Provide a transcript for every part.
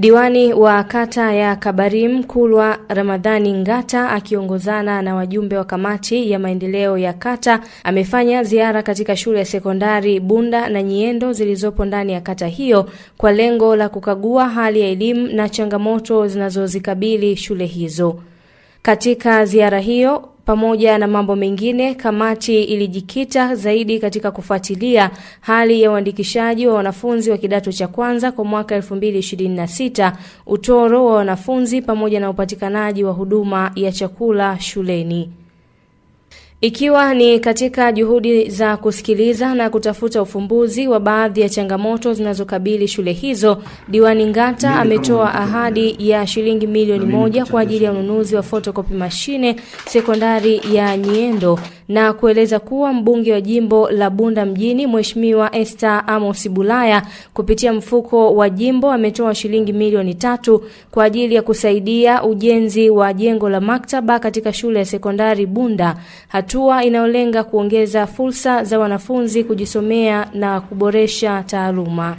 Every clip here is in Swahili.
Diwani wa kata ya Kabarim Kulwa Ramadhani Ngata akiongozana na wajumbe wa kamati ya maendeleo ya kata amefanya ziara katika shule ya sekondari Bunda na Nyiendo zilizopo ndani ya kata hiyo kwa lengo la kukagua hali ya elimu na changamoto zinazozikabili shule hizo. Katika ziara hiyo pamoja na mambo mengine, kamati ilijikita zaidi katika kufuatilia hali ya uandikishaji wa wanafunzi wa kidato cha kwanza kwa mwaka 2026, utoro wa wanafunzi pamoja na upatikanaji wa huduma ya chakula shuleni. Ikiwa ni katika juhudi za kusikiliza na kutafuta ufumbuzi wa baadhi ya changamoto zinazokabili shule hizo, Diwani Ngata ametoa ahadi ya shilingi milioni moja kwa ajili ya ununuzi wa fotokopi mashine sekondari ya Nyiendo na kueleza kuwa mbunge wa jimbo la Bunda mjini Mheshimiwa Esther Amos Bulaya kupitia mfuko wa jimbo ametoa shilingi milioni tatu kwa ajili ya kusaidia ujenzi wa jengo la maktaba katika shule ya sekondari Bunda. Hatu hatua inayolenga kuongeza fursa za wanafunzi kujisomea na kuboresha taaluma.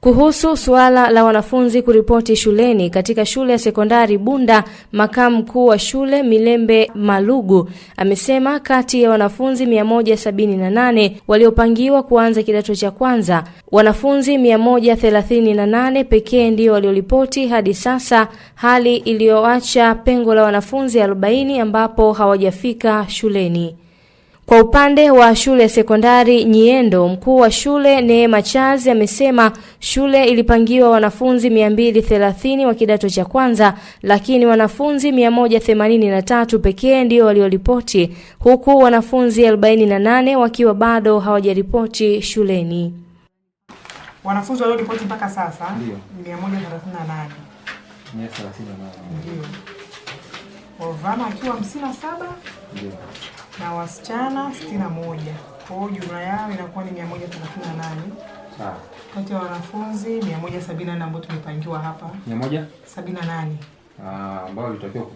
Kuhusu suala la wanafunzi kuripoti shuleni katika shule ya sekondari Bunda, makamu mkuu wa shule Milembe Malugu amesema kati ya wanafunzi 178 waliopangiwa kuanza kidato cha kwanza, wanafunzi 138 pekee ndio walioripoti hadi sasa, hali iliyoacha pengo la wanafunzi 40 ambapo hawajafika shuleni. Kwa upande wa shule ya sekondari Nyiendo, mkuu wa shule Neema Chazi amesema shule ilipangiwa wanafunzi 230 wa kidato cha kwanza, lakini wanafunzi 183 pekee ndio walioripoti, huku wanafunzi 48 wakiwa bado hawajaripoti shuleni. Wanafunzi walioripoti mpaka sasa 138 wavulana 57 na wasichana 61. kwa hiyo jumla yao inakuwa ni 138 sawa. Kati ya wanafunzi 178 ambao tumepangiwa hapa 178 ah, ambao litakiwa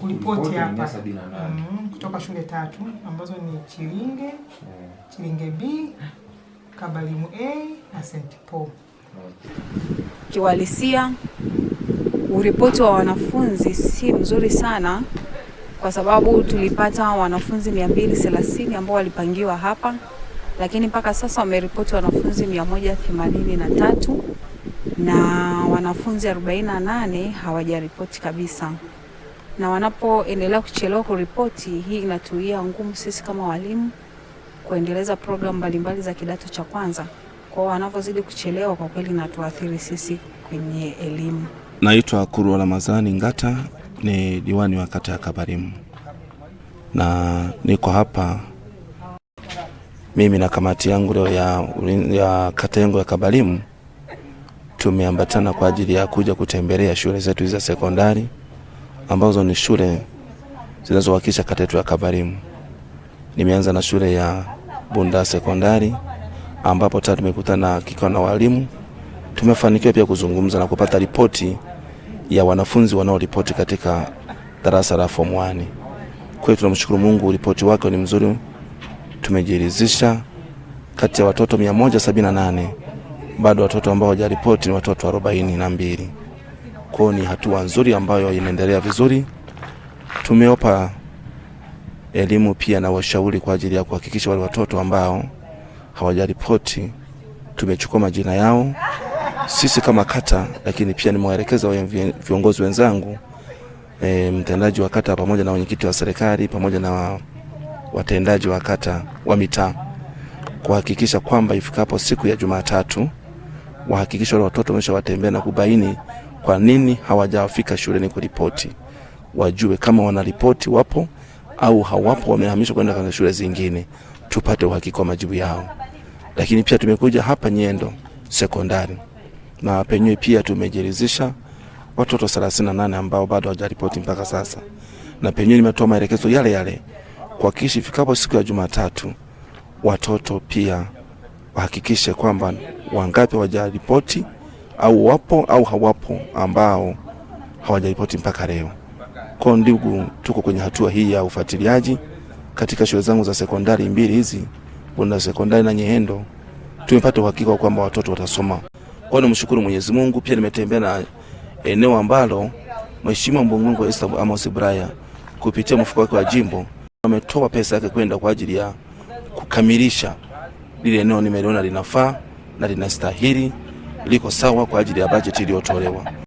kuripoti hapa mm, kutoka shule tatu ambazo ni Chilinge yeah. Chilinge B, Kabalimu A na St. Paul. Kiwalisia, uripoti wa wanafunzi si mzuri sana kwa sababu tulipata wanafunzi 230 ambao walipangiwa hapa, lakini mpaka sasa wameripoti wanafunzi 183 na wanafunzi 48 hawajaripoti kabisa, na wanapoendelea kuchelewa kuripoti, hii inatuia ngumu sisi kama walimu kuendeleza programu mbalimbali za kidato cha kwanza. Kwa wanavyozidi kuchelewa, kwa kweli inatuathiri sisi kwenye elimu. Naitwa Kurwa Ramadhani Ngata ni diwani wa kata ya Kabarimu na niko hapa mimi na kamati yangu leo ya, ya kata yangu ya Kabarimu tumeambatana kwa ajili ya kuja kutembelea shule zetu za sekondari ambazo ni shule zinazowakilisha kata yetu ya Kabarimu. Nimeanza na shule ya Bunda Sekondari ambapo tayari tumekutana kikao na walimu, tumefanikiwa pia kuzungumza na kupata ripoti ya wanafunzi wanaoripoti katika darasa la form 1. Kwa hiyo tunamshukuru Mungu, ripoti wake ni mzuri. Tumejiridhisha kati ya watoto 178 bado watoto ambao hawajaripoti ni watoto 42. Kwa ni hatua nzuri ambayo inaendelea vizuri. Tumeopa elimu pia na washauri kwa ajili ya kuhakikisha wale watoto ambao hawajaripoti tumechukua majina yao sisi kama kata, lakini pia nimewaelekeza viongozi wenzangu e, mtendaji wa kata pamoja na wenyekiti wa serikali pamoja na watendaji wa kata wa mitaa kuhakikisha kwamba ifikapo siku ya Jumatatu wahakikisha wale watoto wameshawatembea na kubaini kwa nini hawajafika shuleni kuripoti, wajue kama wanaripoti wapo au hawapo, wamehamishwa kwenda kwenye shule zingine, tupate uhakika wa majibu yao. Lakini pia tumekuja hapa Nyendo sekondari na penyewe pia tumejiridhisha watoto 38 ambao bado hawajaripoti mpaka sasa, na penyewe nimetoa maelekezo yale yale kuhakikisha ifikapo siku ya Jumatatu watoto pia wahakikishe kwamba wangapi hawajaripoti au wapo au hawapo ambao hawajaripoti mpaka leo. Kwa ndugu, tuko kwenye hatua hii ya ufuatiliaji katika shule zangu za sekondari mbili hizi, Bunda Sekondari na Nyehendo, tumepata uhakika kwamba watoto watasoma. Kwa hiyo nimshukuru Mwenyezi Mungu, pia nimetembea na eneo ambalo Mheshimiwa mbunge wangu Esther Amos Bulaya kupitia mfuko wake wa jimbo ametoa pesa yake kwenda kwa ajili ya kukamilisha lile eneo. Nimeliona linafaa na linastahili, liko sawa kwa ajili ya bajeti iliyotolewa.